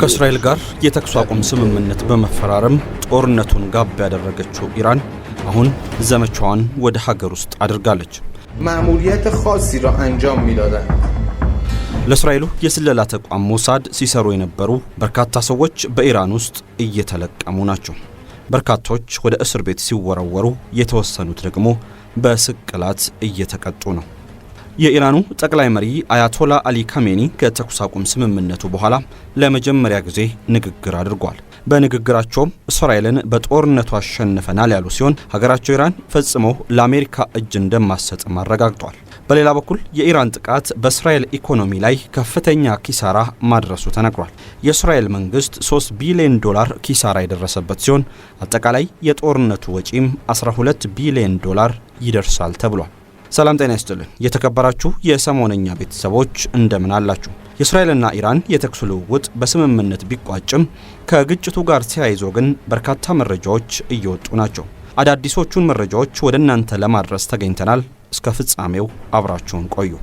ከእስራኤል ጋር የተኩስ አቁም ስምምነት በመፈራረም ጦርነቱን ጋብ ያደረገችው ኢራን አሁን ዘመቻዋን ወደ ሀገር ውስጥ አድርጋለች። ለእስራኤሉ የስለላ ተቋም ሞሳድ ሲሰሩ የነበሩ በርካታ ሰዎች በኢራን ውስጥ እየተለቀሙ ናቸው። በርካቶች ወደ እስር ቤት ሲወረወሩ፣ የተወሰኑት ደግሞ በስቅላት እየተቀጡ ነው። የኢራኑ ጠቅላይ መሪ አያቶላ አሊ ካሜኒ ከተኩስ አቁም ስምምነቱ በኋላ ለመጀመሪያ ጊዜ ንግግር አድርጓል። በንግግራቸውም እስራኤልን በጦርነቱ አሸንፈናል ያሉ ሲሆን ሀገራቸው ኢራን ፈጽሞ ለአሜሪካ እጅ እንደማሰጥም አረጋግጧል። በሌላ በኩል የኢራን ጥቃት በእስራኤል ኢኮኖሚ ላይ ከፍተኛ ኪሳራ ማድረሱ ተነግሯል። የእስራኤል መንግስት 3 ቢሊዮን ዶላር ኪሳራ የደረሰበት ሲሆን አጠቃላይ የጦርነቱ ወጪም 12 ቢሊዮን ዶላር ይደርሳል ተብሏል። ሰላም ጤና ይስጥልን። የተከበራችሁ የሰሞነኛ ቤተሰቦች እንደምን አላችሁ? የእስራኤልና ኢራን የተኩስ ልውውጥ በስምምነት ቢቋጭም ከግጭቱ ጋር ተያይዞ ግን በርካታ መረጃዎች እየወጡ ናቸው። አዳዲሶቹን መረጃዎች ወደ እናንተ ለማድረስ ተገኝተናል። እስከ ፍጻሜው አብራችሁን ቆዩ።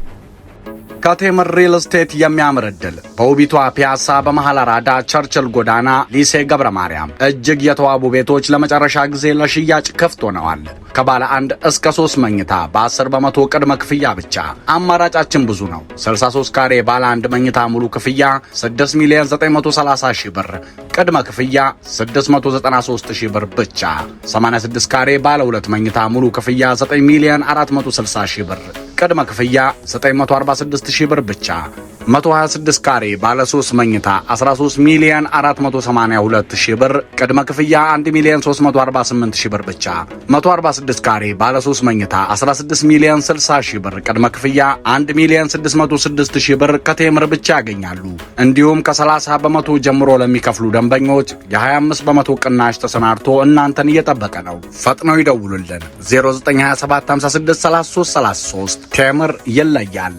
ከቴምር ሪል ስቴት የሚያምር ዕድል በውቢቷ ፒያሳ በመሃል አራዳ ቸርችል ጎዳና ሊሴ ገብረ ማርያም እጅግ የተዋቡ ቤቶች ለመጨረሻ ጊዜ ለሽያጭ ክፍት ሆነዋል። ከባለ አንድ እስከ ሶስት መኝታ በ10 በመቶ ቅድመ ክፍያ ብቻ። አማራጫችን ብዙ ነው። 63 ካሬ ባለ አንድ መኝታ ሙሉ ክፍያ 6 ሚሊዮን 930 ሺህ ብር፣ ቅድመ ክፍያ 693 ሺህ ብር ብቻ። 86 ካሬ ባለ ሁለት መኝታ ሙሉ ክፍያ 9 ሚሊዮን 460 ሺህ ብር ቅድመ ክፍያ 946,000 ብር ብቻ 126 ካሬ ባለ 3 መኝታ 13 ሚሊዮን 482,000 ብር ቅድመ ክፍያ 1 ሚሊዮን 348,000 ብር ብቻ 146 ካሬ ባለ 3 መኝታ 16 ሚሊዮን 60,000 ብር ቅድመ ክፍያ 1 ሚሊዮን 606,000 ብር ከቴምር ብቻ ያገኛሉ። እንዲሁም ከ30 በመቶ ጀምሮ ለሚከፍሉ ደንበኞች የ25 በመቶ ቅናሽ ተሰናድቶ እናንተን እየጠበቀ ነው። ፈጥነው ይደውሉልን 0927563333 ቴምር ይለያል።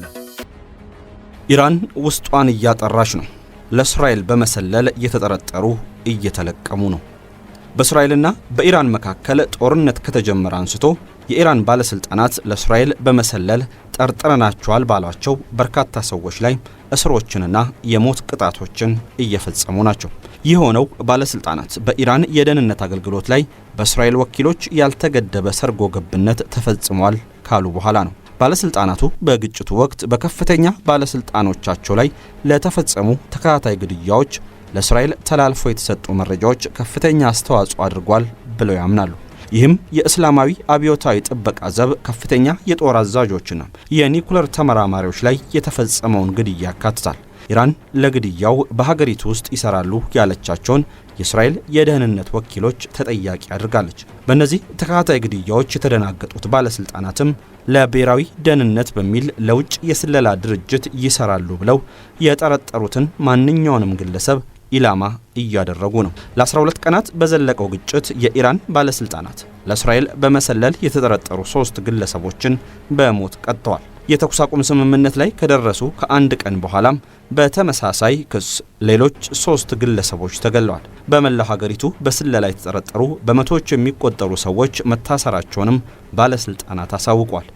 ኢራን ውስጧን እያጠራች ነው። ለእስራኤል በመሰለል እየተጠረጠሩ እየተለቀሙ ነው። በእስራኤልና በኢራን መካከል ጦርነት ከተጀመረ አንስቶ የኢራን ባለስልጣናት ለእስራኤል በመሰለል ጠርጥረናቸዋል ባሏቸው በርካታ ሰዎች ላይ እስሮችንና የሞት ቅጣቶችን እየፈጸሙ ናቸው። ይህ ሆነው ባለስልጣናት በኢራን የደህንነት አገልግሎት ላይ በእስራኤል ወኪሎች ያልተገደበ ሰርጎ ገብነት ተፈጽሟል ካሉ በኋላ ነው። ባለስልጣናቱ በግጭቱ ወቅት በከፍተኛ ባለስልጣኖቻቸው ላይ ለተፈጸሙ ተከታታይ ግድያዎች ለእስራኤል ተላልፎ የተሰጡ መረጃዎች ከፍተኛ አስተዋጽኦ አድርጓል ብለው ያምናሉ። ይህም የእስላማዊ አብዮታዊ ጥበቃ ዘብ ከፍተኛ የጦር አዛዦችና የኒኩለር ተመራማሪዎች ላይ የተፈጸመውን ግድያ ያካትታል። ኢራን ለግድያው በሀገሪቱ ውስጥ ይሰራሉ ያለቻቸውን የእስራኤል የደህንነት ወኪሎች ተጠያቂ አድርጋለች። በእነዚህ ተከታታይ ግድያዎች የተደናገጡት ባለስልጣናትም ለብሔራዊ ደህንነት በሚል ለውጭ የስለላ ድርጅት ይሰራሉ ብለው የጠረጠሩትን ማንኛውንም ግለሰብ ኢላማ እያደረጉ ነው። ለ12 ቀናት በዘለቀው ግጭት የኢራን ባለስልጣናት ለእስራኤል በመሰለል የተጠረጠሩ ሶስት ግለሰቦችን በሞት ቀጥተዋል። የተኩስ አቁም ስምምነት ላይ ከደረሱ ከአንድ ቀን በኋላም በተመሳሳይ ክስ ሌሎች ሶስት ግለሰቦች ተገለዋል። በመላው ሀገሪቱ በስለላ የተጠረጠሩ በመቶዎች የሚቆጠሩ ሰዎች መታሰራቸውንም ባለስልጣናት አሳውቋል።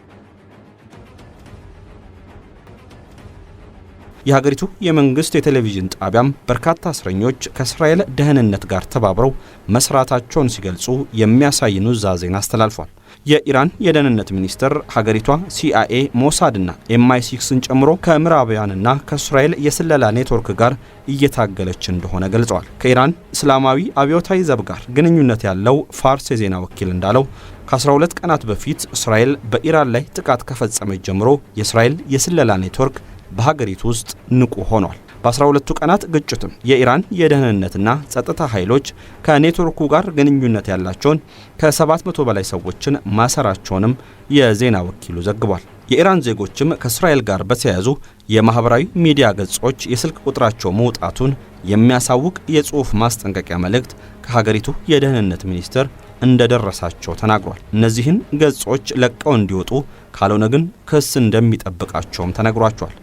የሀገሪቱ የመንግስት የቴሌቪዥን ጣቢያም በርካታ እስረኞች ከእስራኤል ደህንነት ጋር ተባብረው መስራታቸውን ሲገልጹ የሚያሳይ ኑዛዜን አስተላልፏል። የኢራን የደህንነት ሚኒስትር ሀገሪቷ ሲአይኤ፣ ሞሳድና ኤምአይ ሲክስን ጨምሮ ከምዕራባውያንና ከእስራኤል የስለላ ኔትወርክ ጋር እየታገለች እንደሆነ ገልጸዋል። ከኢራን እስላማዊ አብዮታዊ ዘብ ጋር ግንኙነት ያለው ፋርስ የዜና ወኪል እንዳለው ከ12 ቀናት በፊት እስራኤል በኢራን ላይ ጥቃት ከፈጸመች ጀምሮ የእስራኤል የስለላ ኔትወርክ በሀገሪቱ ውስጥ ንቁ ሆኗል። በ12ቱ ቀናት ግጭትም የኢራን የደህንነትና ጸጥታ ኃይሎች ከኔትወርኩ ጋር ግንኙነት ያላቸውን ከ700 በላይ ሰዎችን ማሰራቸውንም የዜና ወኪሉ ዘግቧል። የኢራን ዜጎችም ከእስራኤል ጋር በተያያዙ የማህበራዊ ሚዲያ ገጾች የስልክ ቁጥራቸው መውጣቱን የሚያሳውቅ የጽሑፍ ማስጠንቀቂያ መልእክት ከሀገሪቱ የደህንነት ሚኒስቴር እንደደረሳቸው ተናግሯል። እነዚህን ገጾች ለቀው እንዲወጡ ካልሆነ ግን ክስ እንደሚጠብቃቸውም ተነግሯቸዋል።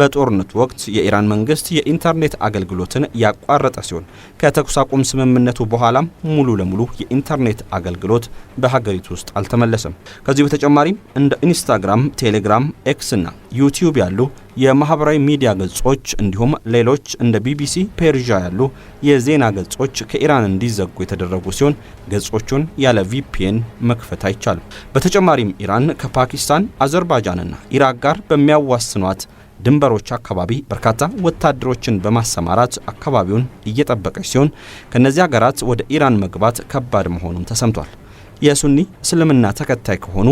በጦርነቱ ወቅት የኢራን መንግስት የኢንተርኔት አገልግሎትን ያቋረጠ ሲሆን ከተኩስ አቁም ስምምነቱ በኋላም ሙሉ ለሙሉ የኢንተርኔት አገልግሎት በሀገሪቱ ውስጥ አልተመለሰም። ከዚህ በተጨማሪም እንደ ኢንስታግራም፣ ቴሌግራም፣ ኤክስ እና ዩቲዩብ ያሉ የማህበራዊ ሚዲያ ገጾች እንዲሁም ሌሎች እንደ ቢቢሲ ፔርዣ ያሉ የዜና ገጾች ከኢራን እንዲዘጉ የተደረጉ ሲሆን ገጾቹን ያለ ቪፒኤን መክፈት አይቻልም። በተጨማሪም ኢራን ከፓኪስታን አዘርባጃንና ኢራቅ ጋር በሚያዋስኗት ድንበሮች አካባቢ በርካታ ወታደሮችን በማሰማራት አካባቢውን እየጠበቀች ሲሆን ከእነዚህ ሀገራት ወደ ኢራን መግባት ከባድ መሆኑም ተሰምቷል። የሱኒ እስልምና ተከታይ ከሆኑ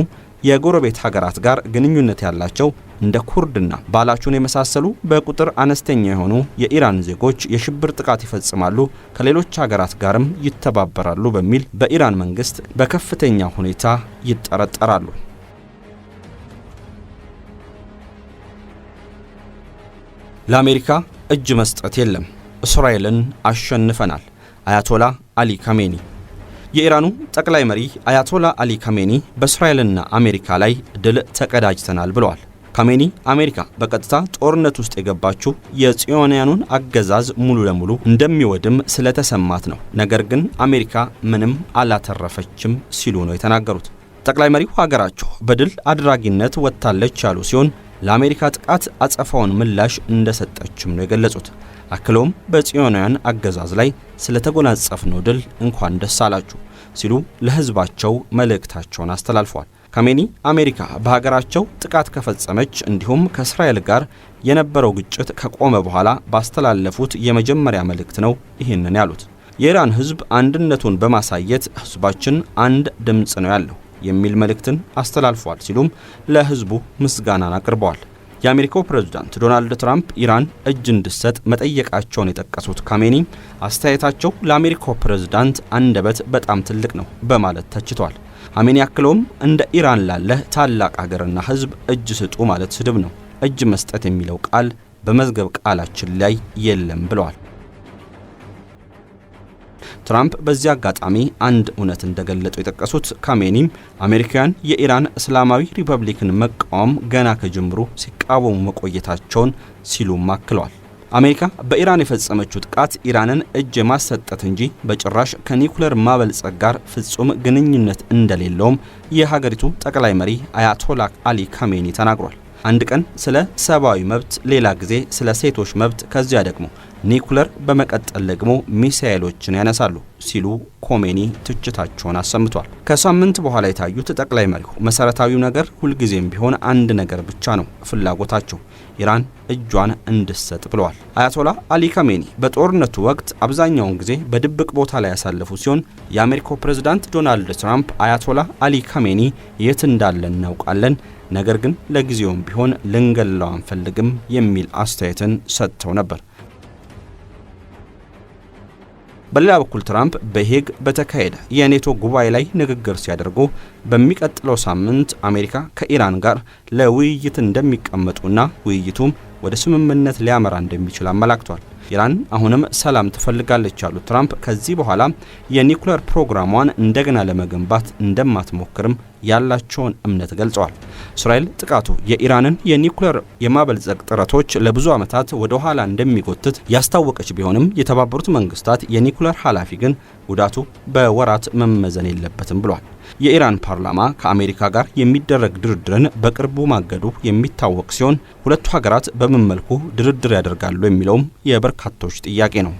የጎረቤት ሀገራት ጋር ግንኙነት ያላቸው እንደ ኩርድና ባላቹን የመሳሰሉ በቁጥር አነስተኛ የሆኑ የኢራን ዜጎች የሽብር ጥቃት ይፈጽማሉ፣ ከሌሎች ሀገራት ጋርም ይተባበራሉ በሚል በኢራን መንግስት በከፍተኛ ሁኔታ ይጠረጠራሉ። ለአሜሪካ እጅ መስጠት የለም፣ እስራኤልን አሸንፈናል። አያቶላ አሊ ካሜኒ። የኢራኑ ጠቅላይ መሪ አያቶላ አሊ ካሜኒ በእስራኤልና አሜሪካ ላይ ድል ተቀዳጅተናል ብለዋል። ካሜኒ አሜሪካ በቀጥታ ጦርነት ውስጥ የገባችው የጽዮንያኑን አገዛዝ ሙሉ ለሙሉ እንደሚወድም ስለተሰማት ነው፣ ነገር ግን አሜሪካ ምንም አላተረፈችም ሲሉ ነው የተናገሩት። ጠቅላይ መሪው ሀገራቸው በድል አድራጊነት ወጥታለች ያሉ ሲሆን ለአሜሪካ ጥቃት አጸፋውን ምላሽ እንደሰጠችም ነው የገለጹት። አክለውም በጽዮናውያን አገዛዝ ላይ ስለተጎናጸፍነው ድል እንኳን ደስ አላችሁ ሲሉ ለህዝባቸው መልእክታቸውን አስተላልፈዋል። ካሜኒ አሜሪካ በሀገራቸው ጥቃት ከፈጸመች እንዲሁም ከእስራኤል ጋር የነበረው ግጭት ከቆመ በኋላ ባስተላለፉት የመጀመሪያ መልእክት ነው ይህንን ያሉት። የኢራን ህዝብ አንድነቱን በማሳየት ህዝባችን አንድ ድምፅ ነው ያለው የሚል መልእክትን አስተላልፏል ሲሉም ለህዝቡ ምስጋናን አቅርበዋል። የአሜሪካው ፕሬዝዳንት ዶናልድ ትራምፕ ኢራን እጅ እንድትሰጥ መጠየቃቸውን የጠቀሱት ካሜኒ አስተያየታቸው ለአሜሪካው ፕሬዝዳንት አንደበት በጣም ትልቅ ነው በማለት ተችቷል። ሀሜኒ አክለውም እንደ ኢራን ላለ ታላቅ ሀገርና ህዝብ እጅ ስጡ ማለት ስድብ ነው። እጅ መስጠት የሚለው ቃል በመዝገብ ቃላችን ላይ የለም ብለዋል። ትራምፕ በዚህ አጋጣሚ አንድ እውነት እንደገለጡ የጠቀሱት ካሜኒም አሜሪካውያን የኢራን እስላማዊ ሪፐብሊክን መቃወም ገና ከጅምሩ ሲቃወሙ መቆየታቸውን ሲሉም አክለዋል። አሜሪካ በኢራን የፈጸመችው ጥቃት ኢራንን እጅ የማሰጠት እንጂ በጭራሽ ከኒኩለር ማበልጸግ ጋር ፍጹም ግንኙነት እንደሌለውም የሀገሪቱ ጠቅላይ መሪ አያቶላህ አሊ ካሜኒ ተናግሯል። አንድ ቀን ስለ ሰብአዊ መብት፣ ሌላ ጊዜ ስለ ሴቶች መብት፣ ከዚያ ደግሞ ኒኩለር በመቀጠል ደግሞ ሚሳኤሎችን ያነሳሉ ሲሉ ኮሜኒ ትችታቸውን አሰምቷል። ከሳምንት በኋላ የታዩት ጠቅላይ መሪው መሰረታዊው ነገር ሁልጊዜም ቢሆን አንድ ነገር ብቻ ነው ፍላጎታቸው፣ ኢራን እጇን እንድሰጥ ብለዋል። አያቶላ አሊ ካሜኒ በጦርነቱ ወቅት አብዛኛውን ጊዜ በድብቅ ቦታ ላይ ያሳለፉ ሲሆን የአሜሪካው ፕሬዝዳንት ዶናልድ ትራምፕ አያቶላ አሊ ካሜኒ የት እንዳለ እናውቃለን ነገር ግን ለጊዜውም ቢሆን ልንገላው አንፈልግም የሚል አስተያየትን ሰጥተው ነበር። በሌላ በኩል ትራምፕ በሄግ በተካሄደ የኔቶ ጉባኤ ላይ ንግግር ሲያደርጉ በሚቀጥለው ሳምንት አሜሪካ ከኢራን ጋር ለውይይት እንደሚቀመጡና ውይይቱም ወደ ስምምነት ሊያመራ እንደሚችል አመላክቷል። ኢራን አሁንም ሰላም ትፈልጋለች ያሉት ትራምፕ ከዚህ በኋላ የኒኩሌር ፕሮግራሟን እንደገና ለመገንባት እንደማትሞክርም ያላቸውን እምነት ገልጸዋል። እስራኤል ጥቃቱ የኢራንን የኒኩሌር የማበልጸግ ጥረቶች ለብዙ ዓመታት ወደ ኋላ እንደሚጎትት ያስታወቀች ቢሆንም የተባበሩት መንግስታት የኒኩሌር ኃላፊ ግን ጉዳቱ በወራት መመዘን የለበትም ብሏል። የኢራን ፓርላማ ከአሜሪካ ጋር የሚደረግ ድርድርን በቅርቡ ማገዱ የሚታወቅ ሲሆን ሁለቱ ሀገራት በምን መልኩ ድርድር ያደርጋሉ የሚለውም የበርካ የበርካቶች ጥያቄ ነው።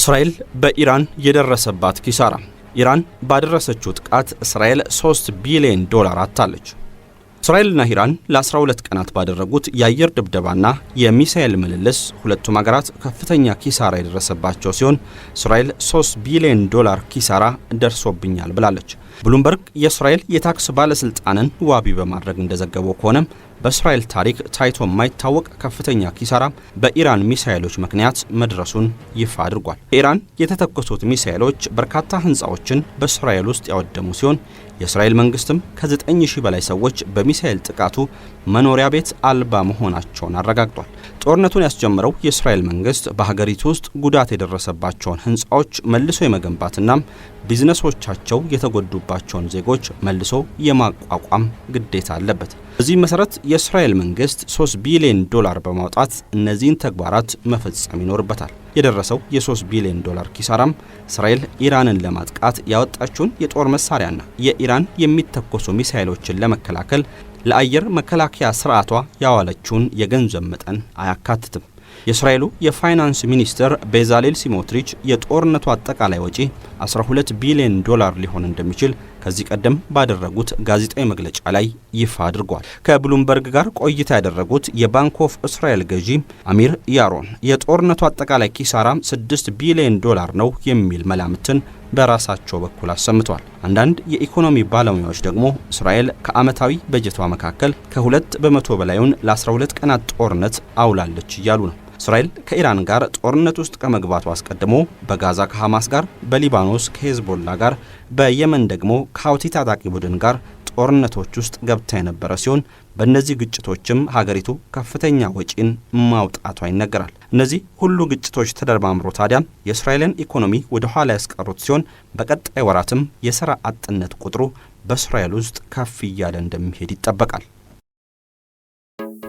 እስራኤል በኢራን የደረሰባት ኪሳራ። ኢራን ባደረሰችው ጥቃት እስራኤል 3 ቢሊዮን ዶላር አታለች። እስራኤልና ኢራን ለ12 ቀናት ባደረጉት የአየር ድብደባና የሚሳኤል ምልልስ ሁለቱም ሀገራት ከፍተኛ ኪሳራ የደረሰባቸው ሲሆን እስራኤል 3 ቢሊዮን ዶላር ኪሳራ ደርሶብኛል ብላለች። ብሉምበርግ የእስራኤል የታክስ ባለሥልጣንን ዋቢ በማድረግ እንደዘገበው ከሆነም በእስራኤል ታሪክ ታይቶ የማይታወቅ ከፍተኛ ኪሳራ በኢራን ሚሳኤሎች ምክንያት መድረሱን ይፋ አድርጓል። ኢራን የተተኮሱት ሚሳኤሎች በርካታ ህንፃዎችን በእስራኤል ውስጥ ያወደሙ ሲሆን የእስራኤል መንግስትም ከ9000 በላይ ሰዎች በሚሳኤል ጥቃቱ መኖሪያ ቤት አልባ መሆናቸውን አረጋግጧል። ጦርነቱን ያስጀምረው የእስራኤል መንግስት በሀገሪቱ ውስጥ ጉዳት የደረሰባቸውን ህንፃዎች መልሶ የመገንባትና ቢዝነሶቻቸው የተጎዱባቸውን ዜጎች መልሶ የማቋቋም ግዴታ አለበት። በዚህ መሰረት የእስራኤል መንግስት 3 ቢሊዮን ዶላር በማውጣት እነዚህን ተግባራት መፈጸም ይኖርበታል። የደረሰው የ3 ቢሊዮን ዶላር ኪሳራም እስራኤል ኢራንን ለማጥቃት ያወጣችውን የጦር መሳሪያና የኢራን የሚተኮሱ ሚሳይሎችን ለመከላከል ለአየር መከላከያ ስርዓቷ ያዋለችውን የገንዘብ መጠን አያካትትም። የእስራኤሉ የፋይናንስ ሚኒስትር ቤዛሌል ሲሞትሪች የጦርነቱ አጠቃላይ ወጪ 12 ቢሊዮን ዶላር ሊሆን እንደሚችል ከዚህ ቀደም ባደረጉት ጋዜጣዊ መግለጫ ላይ ይፋ አድርጓል። ከብሉምበርግ ጋር ቆይታ ያደረጉት የባንክ ኦፍ እስራኤል ገዢ አሚር ያሮን የጦርነቱ አጠቃላይ ኪሳራ 6 ቢሊዮን ዶላር ነው የሚል መላምትን በራሳቸው በኩል አሰምቷል። አንዳንድ የኢኮኖሚ ባለሙያዎች ደግሞ እስራኤል ከዓመታዊ በጀቷ መካከል ከሁለት በመቶ በላዩን ለ12 ቀናት ጦርነት አውላለች እያሉ ነው። እስራኤል ከኢራን ጋር ጦርነት ውስጥ ከመግባቱ አስቀድሞ በጋዛ ከሐማስ ጋር፣ በሊባኖስ ከሄዝቦላ ጋር፣ በየመን ደግሞ ከሀውቲ ታጣቂ ቡድን ጋር ጦርነቶች ውስጥ ገብታ የነበረ ሲሆን በእነዚህ ግጭቶችም ሀገሪቱ ከፍተኛ ወጪን ማውጣቷ ይነገራል። እነዚህ ሁሉ ግጭቶች ተደርባምሮ ታዲያ የእስራኤልን ኢኮኖሚ ወደ ኋላ ያስቀሩት ሲሆን በቀጣይ ወራትም የሥራ አጥነት ቁጥሩ በእስራኤል ውስጥ ከፍ እያለ እንደሚሄድ ይጠበቃል።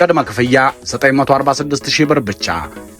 ቅድመ ክፍያ 946 ሺህ ብር ብቻ